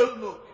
eunuch.